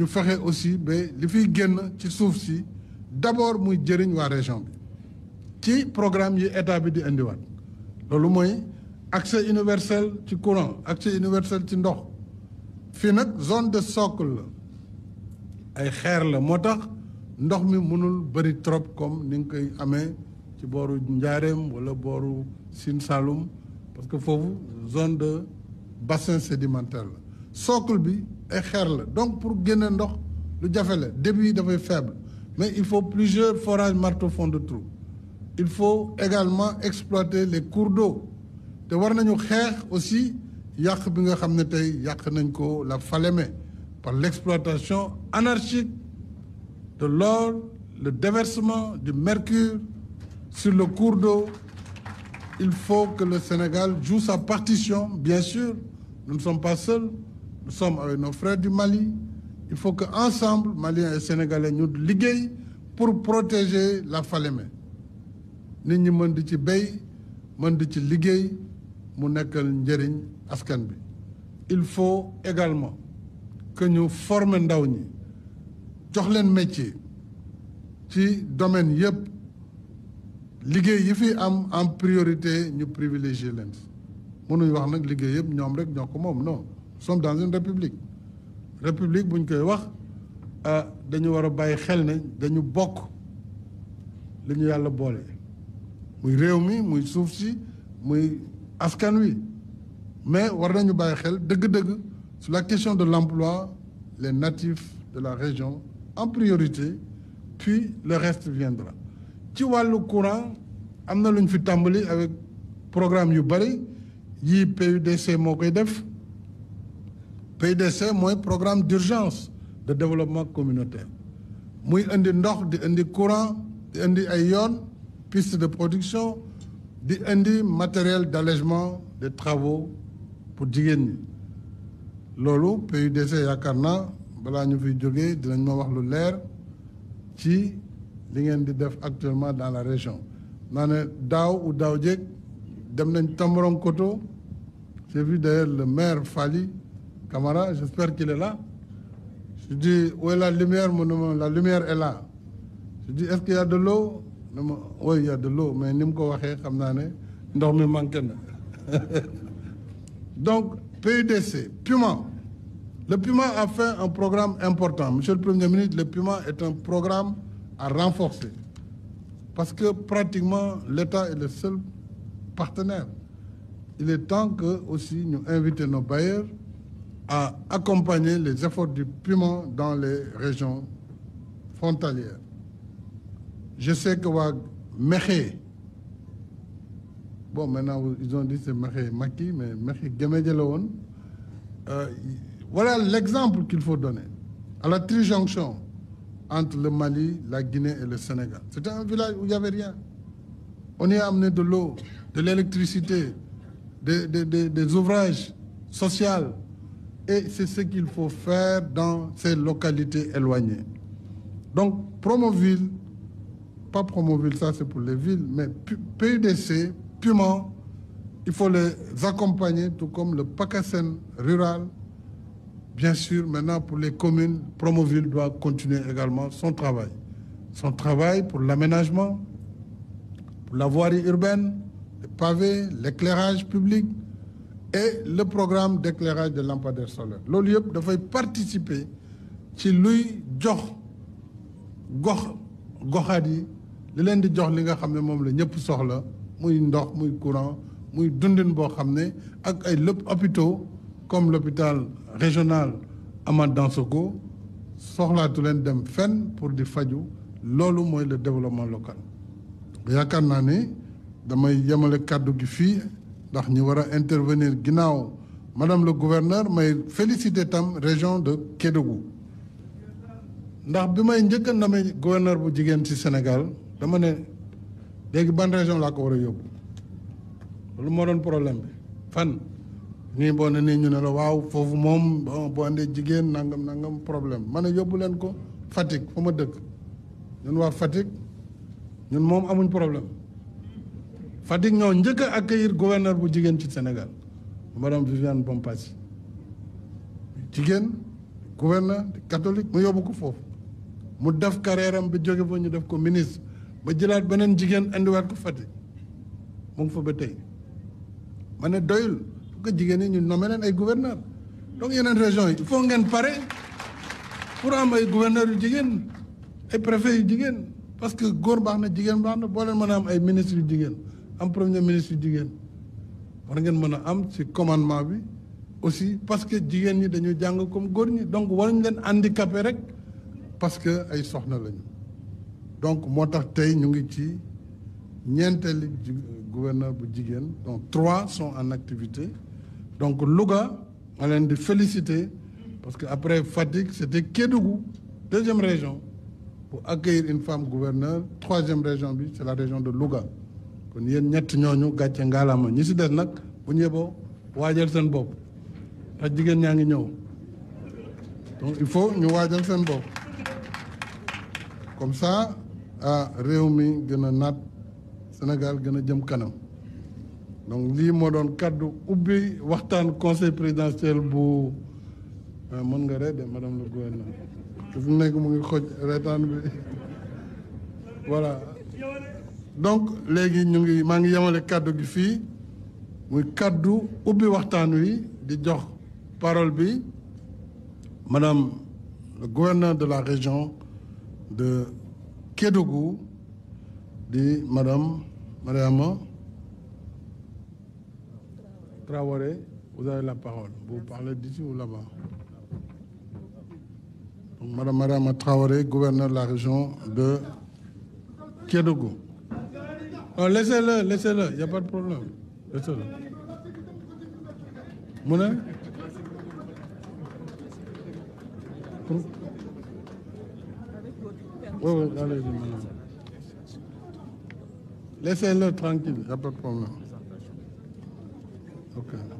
Nous fexe aussi les li fiy génn ci si d'abord nous jëriñ la région qui programme yi état bi di indiwaat le mooy accès universel ci courant accès universel ci nord, fii zone de socle Et ay le moteur. moo tax ndox mi mënul trop comme ni nga koy amee ci ou Njaareem wala sin Saloum parce que foofu zone de bassin sédimentaire socle bi ay donc pour génne le le débit faible mais il faut plusieurs forages marteau fond de trou il faut également exploiter les cours d'eau De voir aussi yak bi nga la Falémé par l'exploitation anarchique de l'or le déversement du mercure sur le cours d'eau il faut que le Sénégal joue sa partition bien sûr nous ne sommes pas seuls nous sommes avec nos frères du Mali. Il faut qu'ensemble, Maliens et Sénégalais, nous liguions pour protéger la Falémé. Nous sommes tous ci bay mën di ci nous mu nekkal njëriñ il faut également que nous formions ndaw métiers dans le métier ci domaine yëpp liggéey yi am en priorité ñu privilégier les mënuñ wax nak liggéey yëpp ñom rek ñoko mom non nous sommes dans une république république bon que koy wax ah, dañu war a bàyyi ne dañu nous li ñu yàlla muy réew nous muy suuf si muy askan mais war nañu xel sur la question de l'emploi les natifs de la région en priorité puis le reste viendra Tu ci le courant amener une lu fi avec programme yu bëri yii PUDC PDC moy programme d'urgence de développement communautaire muy indi ndox di indi courant di indi ay yoon piste de production di indi matériel d'allègement des travaux pour jigéen ñi loolu PUDC yaakaar naa balaa ñu fiy jógee dinañ ma wax lu leer ci li ngeen di def actuellement dans la région naa ne daaw ou daaw jéeg dem nañ Tambaronkoto j'ai vu d'ailleurs le maire falli Camara, j'espère qu'il est là. Je dis, où est la lumière mon La lumière est là. Je dis, est-ce qu'il y a de l'eau Oui, il y a de l'eau, mais ni ko a pas né ndox Donc PUDC, piment. Le piment a fait un programme important. Monsieur le Premier ministre, le piment est un programme à renforcer. Parce que pratiquement, l'État est le seul partenaire. Il est temps que aussi nous invitions nos bailleurs à accompagner les efforts du piment dans les régions frontalières. Je sais que wa bon maintenant ils ont dit c'est Mekhe Maki, mais Mekhe Gemedjeloon, euh, voilà l'exemple qu'il faut donner. À la trijonction entre le Mali, la Guinée et le Sénégal. C'était un village où il n'y avait rien. On y a amené de l'eau, de l'électricité, des, des, des ouvrages sociaux, et c'est ce qu'il faut faire dans ces localités éloignées. Donc, Promoville, pas Promoville, ça c'est pour les villes, mais PUDC, Piment, il faut les accompagner, tout comme le Pacassen rural. Bien sûr, maintenant pour les communes, Promoville doit continuer également son travail. Son travail pour l'aménagement, pour la voirie urbaine, les pavés, l'éclairage public, et le programme d'éclairage de lampadaires solaire loolu yëpp dafay participer ci luy jox gox goxaat yi li leen di jox li nga xam ne moom la ñëpp soxla muy ndox muy courant muy dundin boo xam ak ay hôpitaux comme l'hôpital régional Amath Dansokho soxlaatu leen dem fenn pour di faju l'OLU mooy le développement local yaakaar dans ne damay yemale kàddu gi fii ndax ñu war a intervenir ginnaaw madame le gouverneur may féliciter tam région de Kédougou ndax bi may njëkk a namee gouverneur bu jigéen ci Sénégal dama ne léegi ban région laa ko war a yóbbu loolu moo doon problème bi fan ñu boo ne nii ñu ne la waaw foofu moom boo àndee jigéen nangam nangam problème ma ne yóbbu leen ko Fatick fa ma dëkk ñun waa Fatick ñun moom amuñ problème Fatick ñoo njëkk a accueillir gouverneur bu jigéen ci Sénégal madame Viviane Bompassi jigéen gouverneur catholique mu yobbu ko foofu mu def carrière am ba jóge ñu def ko ministre ba benen beneen andi wat ko Fatick mu ngi fa ba tay mané doyul ko que ñu nommé len ay gouverneur donc yenen région yi il faut ngeen pare pour am ay gouverneur yu jigéen ay préfet yu jigéen parce que góor baax na jigéen baax na boo leen mën am ay ministre yu jigéen am premier ministre du war ngeen a am ci commandement aussi parce que jigéen ñi dañu jàng comme góor donc a leen handicapé rek parce que ay soxna lañu donc moo tax ñu ngi ci gouverneur bu donc trois sont en activité donc Louga ma leen di féliciter parce qu'après après c'était Kédougou deuxième région pour accueillir une femme gouverneur troisième région c'est la région de Louga kon yéen ñett ñooñu gàcce ngaalaama ñi si des nag bu ñu yeboo waajal seen bopp ndax jigéen ñaa ngi ñëw donc il faut ñu waajal seen bopp comme ça ah réew mi gën a naat Sénégal gën a jëm kanam donc lii moo doon kàddu ubbi waxtaan conseil présidentiel bu ah, mën nga ree de madame le gouverneur te fu mu nekk mu ngi xoj reetaan bi voilà donc les ñu ngi ont ngi yemale kàddu wi parole madame le gouverneur de la région de Kédougou dit madame Mariama Traoré vous avez la parole vous parlez d'ici ou là-bas donc madame Mariama Traoré gouverneur de la région de Kédougou Oh, laissez-le, laissez-le, il n'y a pas de problème. Laissez-le. Mouna Laissez-le tranquille, il n'y a pas de problème. Ok.